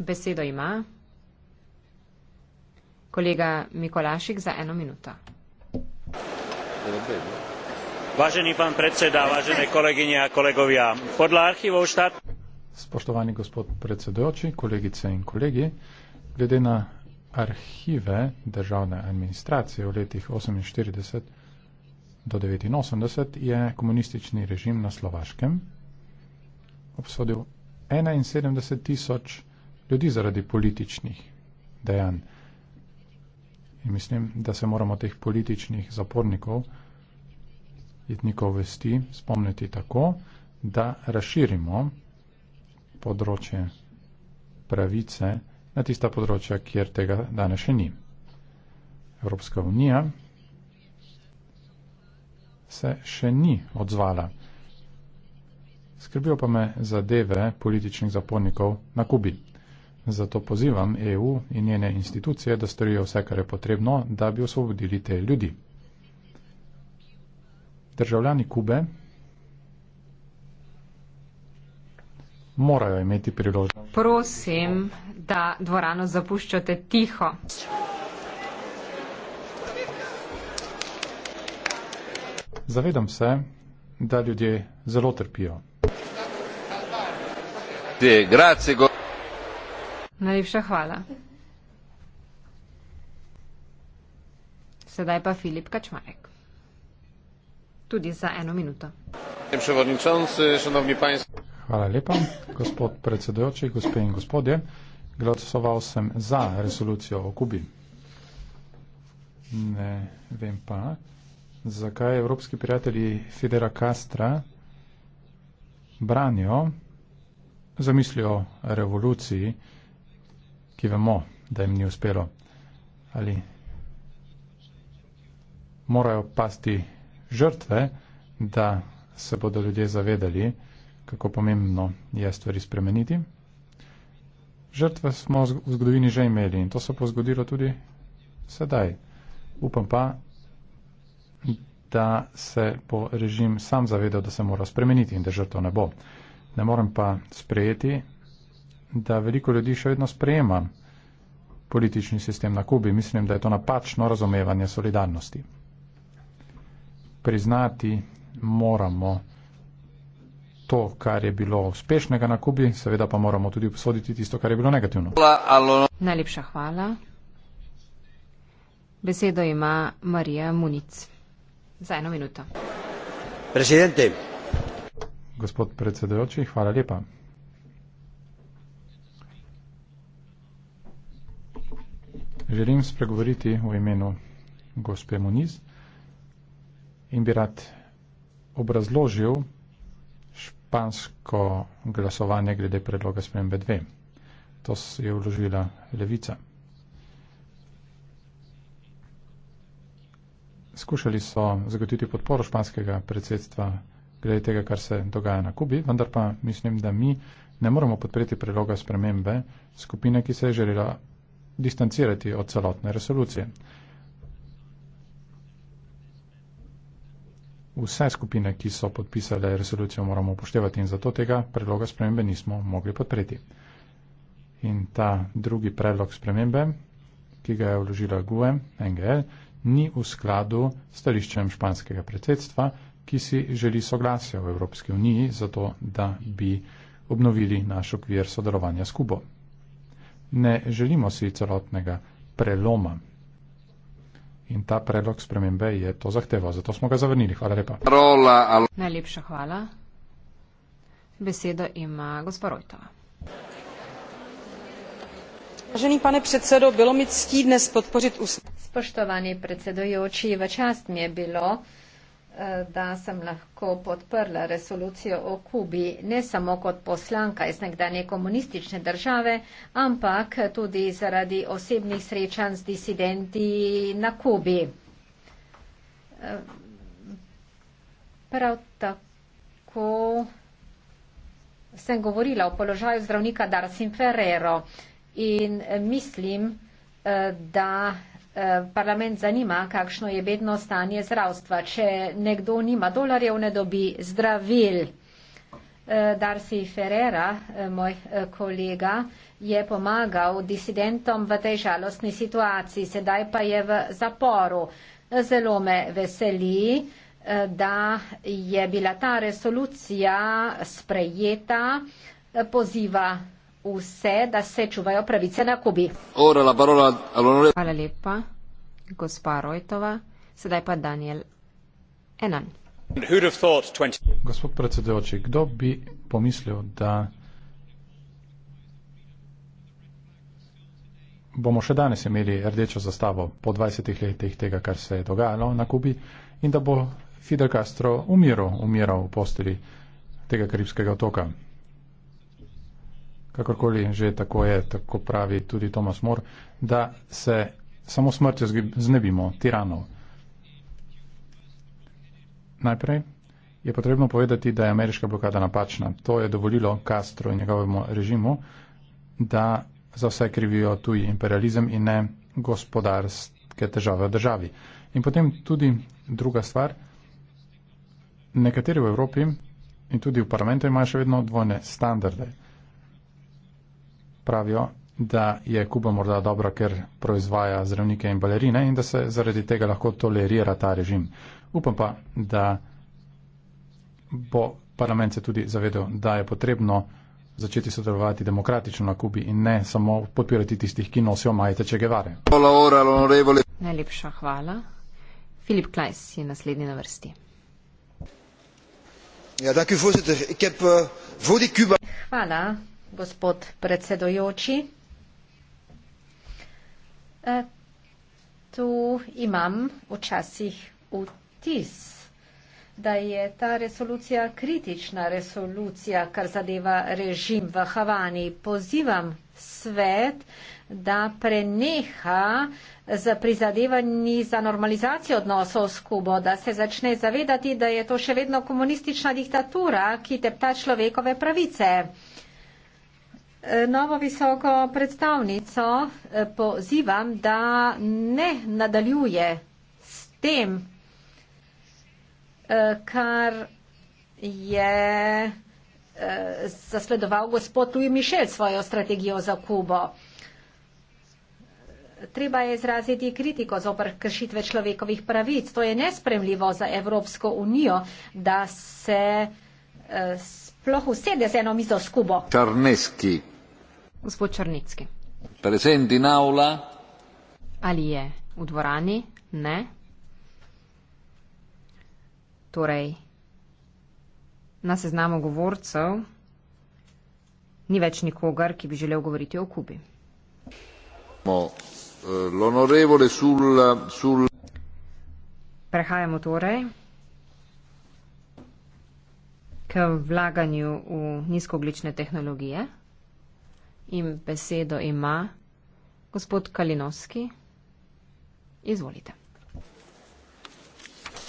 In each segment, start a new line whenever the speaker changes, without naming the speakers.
Besedo ima kolega Mikolašik za eno minuto.
Vážený pán predseda, vážené kolegyne a kolegovia, podľa archívov štát...
Spoštovaný gospod predsedujúci, kolegice in kolegi, glede na archíve državné administrácie v letech 1948 do 1989 je komunistický režim na Slovaškem obsodil 71 tisíc ljudi zaradi političnih dejanj. In mislim, da se moramo teh političnih zapornikov, jetnikov vesti, spomniti tako, da razširimo področje pravice na tista področja, kjer tega danes še ni. Evropska unija se še ni odzvala. Skrbijo pa me zadeve političnih zapornikov na Kubi. Zato pozivam EU in njene institucije, da storijo vse, kar je potrebno, da bi osvobodili te ljudi. Državljani Kube morajo imeti priložnost.
Prosim, da dvorano zapuščate tiho.
Zavedam se, da ljudje zelo trpijo. De, grazie, go.
Najlepša hvala. Sedaj pa Filip Kačmarek. Tudi za eno minuto.
Hvala lepa, gospod predsedojoči, gospe in gospodje. Glasoval sem za resolucijo o Kubi. Ne vem pa, zakaj evropski prijatelji Fidera Castra branijo, zamislijo revoluciji, ki vemo, da jim ni uspelo. Ali morajo pasti žrtve, da se bodo ljudje zavedali, kako pomembno je stvari spremeniti. Žrtve smo v zgodovini že imeli in to se bo zgodilo tudi sedaj. Upam pa, da se bo režim sam zavedal, da se mora spremeniti in da žrtev ne bo. Ne morem pa sprejeti da veliko ljudi še vedno sprejema politični sistem na Kubi. Mislim, da je to napačno razumevanje solidarnosti. Priznati moramo to, kar je bilo uspešnega na Kubi, seveda pa moramo tudi obsoditi tisto, kar je bilo negativno.
Najlepša hvala. Besedo ima Marija Munic. Za eno minuto.
Presidente. Gospod predsedujoči, hvala lepa. Želim spregovoriti v imenu gospe Moniz in bi rad obrazložil špansko glasovanje glede predloga spremembe 2. To je vložila Levica. Skušali so zagotoviti podporo španskega predsedstva glede tega, kar se dogaja na Kubi, vendar pa mislim, da mi ne moremo podpreti predloga spremembe skupine, ki se je želela distancirati od celotne resolucije. Vse skupine, ki so podpisale resolucijo, moramo upoštevati in zato tega predloga spremembe nismo mogli podpreti. In ta drugi predlog spremembe, ki ga je vložila GUE, NGL, ni v skladu s stališčem španskega predsedstva, ki si želi soglasja v Evropski uniji, zato da bi obnovili naš okvir sodelovanja s Kubo ne želimo si celotnega preloma. In ta predlog spremembe je to zahteval, zato smo ga zavrnili. Hvala lepa. Rola, al...
Najlepša hvala. Besedo ima gospod
Rojtova. Vážený pane predsedo, bylo mi ctí dnes podpořit ústavu. Spoštovani predsedojoči, v čast mi je bilo. Eh, da sem lahko podprla resolucijo o Kubi ne samo kot poslanka iz nekdanje komunistične države, ampak tudi zaradi osebnih srečanj z disidenti na Kubi. Eh, prav tako sem govorila o položaju zdravnika Darsin Ferrero in eh, mislim, da Eh, parlament zanima, kakšno je bedno stanje zdravstva. Če nekdo nima dolarjev, ne dobi zdravil. Eh, Darcy Ferrera, eh, moj kolega, je pomagal disidentom v tej žalostni situaciji, sedaj pa je v zaporu. Zelo me veseli, da je bila ta resolucija sprejeta, poziva vse, da se čuvajo pravice na Kubi.
Ora, la parola, Hvala
lepa, gospa Rojtova. Sedaj pa Daniel Enan.
Gospod predsedujoči, kdo bi pomislil, da bomo še danes imeli rdečo zastavo po 20 letih tega, kar se je dogajalo na Kubi in da bo Fidel Castro umiral, umiral v posteli tega karibskega otoka kakorkoli že tako je, tako pravi tudi Tomas Mor, da se samo smrtjo znebimo tiranov. Najprej je potrebno povedati, da je ameriška blokada napačna. To je dovolilo Castro in njegovemu režimu, da za vse krivijo tuji imperializem in ne gospodarske težave v državi. In potem tudi druga stvar, nekateri v Evropi in tudi v parlamentu imajo še vedno dvojne standarde pravijo, da je Kuba morda dobra, ker proizvaja zdravnike in balerine in da se zaradi tega lahko tolerira ta režim. Upam pa, da bo parlament se tudi zavedel, da je potrebno začeti sodelovati demokratično na Kubi in ne samo podpirati tistih, ki nosijo majete Čegevare.
Najlepša hvala. Filip Klajs je naslednji na vrsti. Ja, dank u voorzitter. Ik heb uh, voor die Cuba.
Voilà gospod predsedojoči. E, tu imam včasih vtis, da je ta resolucija kritična resolucija, kar zadeva režim v Havani. Pozivam svet, da preneha z prizadevanji za normalizacijo odnosov s Kubo, da se začne zavedati, da je to še vedno komunistična diktatura, ki tepta človekove pravice. Uh, E, novo visoko predstavnico e, pozivam, da ne nadaljuje s tem, e, kar je zasledoval gospod Louis Michel svojo strategijo za Kubo. Treba je izraziti kritiko z opr kršitve človekovih pravic. To je nespremljivo za Evropsko unijo, da se sploh usede z eno mizo s Kubo.
Tarneski.
Gospod Črnitski.
Prezent in avla.
Ali je v dvorani? Ne. Torej, na seznamu govorcev ni več nikogar, ki bi želel govoriti o Kubi.
Eh,
Prehajamo torej k vlaganju v nizkooglične tehnologije. In besedo ima gospod Kalinovski. Izvolite.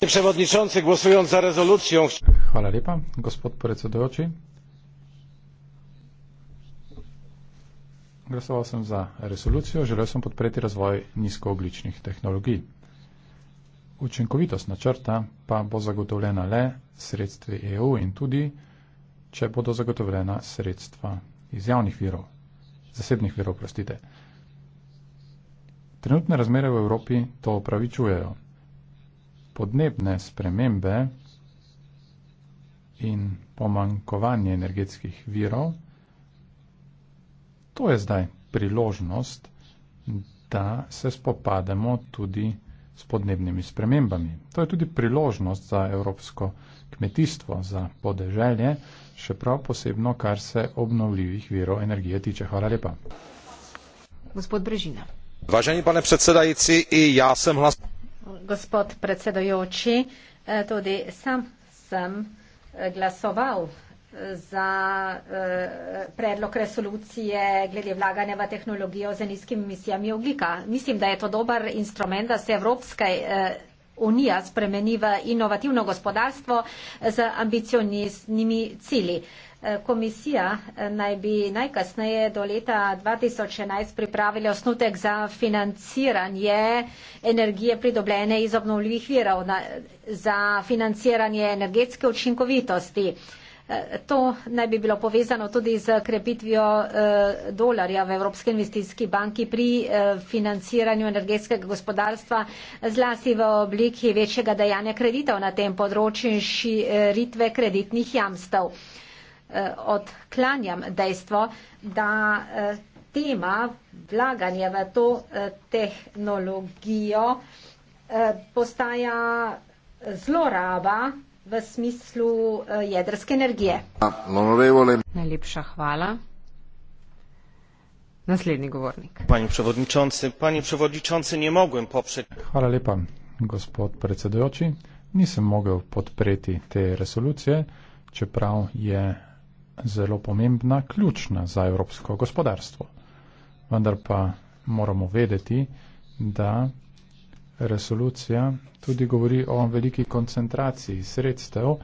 Predsedujoči, glasujem
za rezolucijo. Hvala lepa, gospod predsedujoči. Glasoval sem za resolucijo, želel sem podpreti razvoj nizkoogličnih tehnologij. Učinkovitost načrta pa bo zagotovljena le sredstvi EU in tudi, če bodo zagotovljena sredstva iz javnih virov zasebnih virov, prostite. Trenutne razmere v Evropi to opravičujejo. Podnebne spremembe in pomankovanje energetskih virov, to je zdaj priložnost, da se spopademo tudi s podnebnimi spremembami. To je tudi priložnost za evropsko kmetijstvo, za podeželje, še prav posebno, kar se obnovljivih virov energije tiče. Hvala lepa.
Gospod Brežina.
Važeni pane predsedajci, ja sem hlas.
Gospod predsedajoči, eh, tudi sam sem eh, glasoval eh, za predlog resolucije glede vlaganja v tehnologijo za nizkimi emisijami oglika. Mislim, da je to dober instrument, da se evropske unija spremeni v inovativno gospodarstvo z ambicioniznimi cilji. Eh, komisija eh, naj bi najkasneje do leta 2011 pripravila osnutek za financiranje energije pridobljene iz obnovljivih virov na, za financiranje energetske učinkovitosti. Eh, to naj bi bilo povezano tudi z krepitvijo eh, dolarja v Evropski investicijski banki pri eh, financiranju energetskega gospodarstva, zlasti v obliki večjega dajanja kreditov na tem področju in širitve kreditnih jamstev. Odklanjam dejstvo, da tema vlaganja v to tehnologijo postaja zloraba v smislu eh, jedrske energije.
Najlepša hvala. Naslednji govornik. Pani przewodniczący, pani przewodniczący, nie mogłem poprzeć.
Hvala lepa, gospod predsedujoči. Nisem mogel podpreti te resolucije, čeprav je zelo pomembna, ključna za evropsko gospodarstvo. Vendar pa moramo vedeti, da resolucija tudi govori o veliki koncentraciji sredstev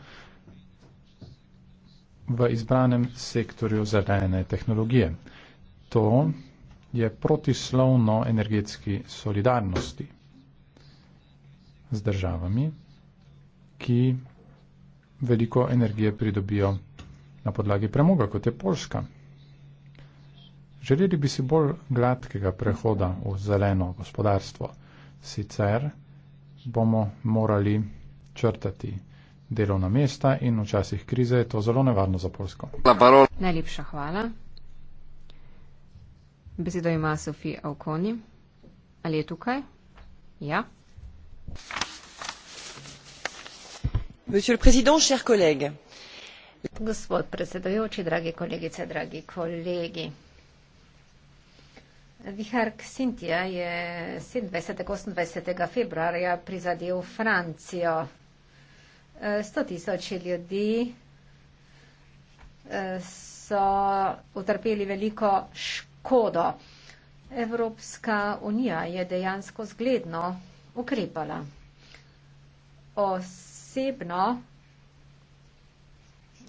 v izbranem sektorju zelene tehnologije. To je protislovno energetski solidarnosti z državami, ki veliko energije pridobijo na podlagi premoga, kot je Polska. Želeli bi si bolj gladkega prehoda v zeleno gospodarstvo sicer bomo morali črtati delovna mesta in včasih krize je to zelo nevarno za Polsko.
Najlepša hvala. Besedo ima Sofija Avkoni. Ali je tukaj? Ja.
Gospod predsedujoči, dragi kolegice, dragi kolegi. Vihar Ksintija je 27-28. februarja prizadel Francijo. 100 e, tisoč ljudi e, so utrpeli veliko škodo. Evropska unija je dejansko zgledno ukrepala. Osebno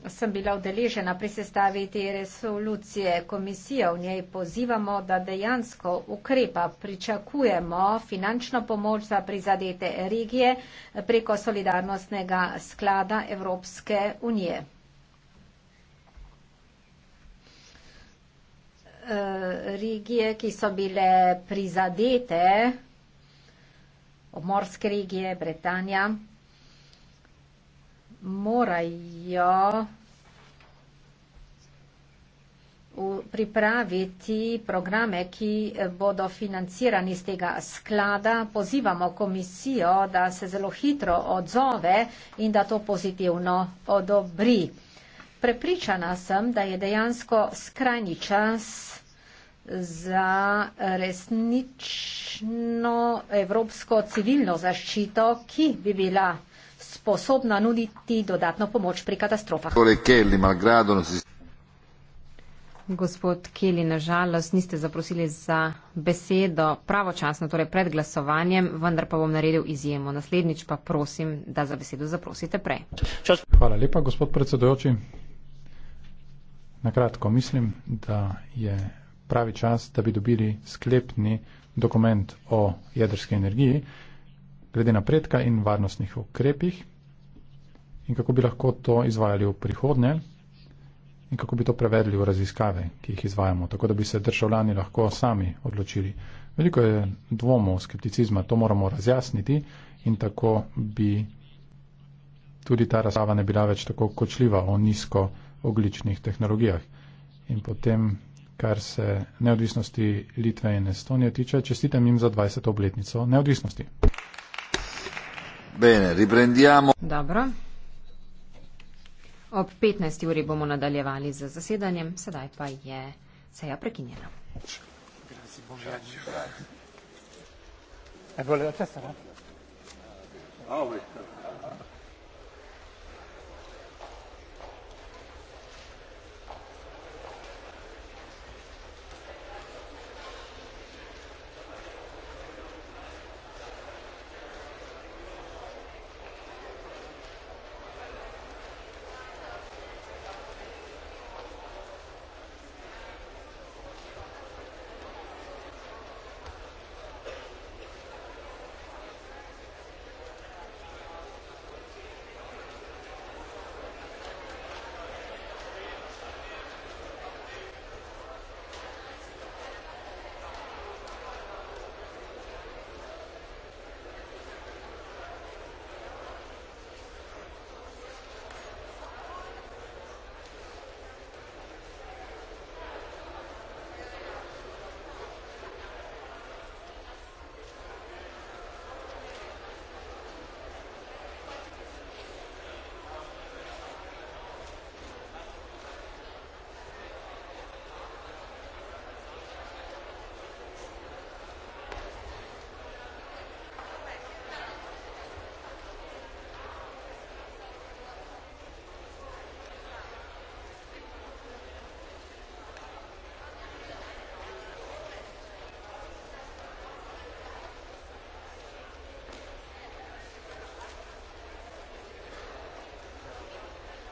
sem bila udeležena pri sestavi te resolucije komisije. V njej pozivamo, da dejansko ukrepa pričakujemo finančno pomoč za prizadete regije preko solidarnostnega sklada Evropske unije. Eh, regije, ki so bile prizadete, obmorske regije, Britanija, morajo jo pripraviti programe, ki bodo financirani iz tega sklada. Pozivamo komisijo, da se zelo hitro odzove in da to pozitivno odobri. Prepričana sem, da je dejansko skrajni čas za resnično evropsko civilno zaščito, ki bi bila sposobna nuditi dodatno pomoč pri katastrofah.
Gospod Keli, nažalost, niste zaprosili za besedo pravočasno, torej pred glasovanjem, vendar pa bom naredil izjemo. Naslednjič pa prosim, da za besedo zaprosite prej.
Hvala lepa, gospod predsedojoči. Nakratko mislim, da je pravi čas, da bi dobili sklepni dokument o jedrski energiji, glede napredka in varnostnih ukrepih in kako bi lahko to izvajali v prihodnje in kako bi to prevedli v raziskave, ki jih izvajamo, tako da bi se državljani lahko sami odločili. Veliko je dvomov, skepticizma, to moramo razjasniti in tako bi tudi ta razava ne bila več tako kočljiva o nizko ogličnih tehnologijah. In potem, kar se neodvisnosti Litve in Estonije tiče, čestitam jim za 20. obletnico neodvisnosti. Bene, riprendiamo. Dobro.
Ob 15. uri bomo nadaljevali z zasedanjem, sedaj pa je seja prekinjena.
Grazie, buongiorno. E volevo accesso, no? Ah, oh, ho visto.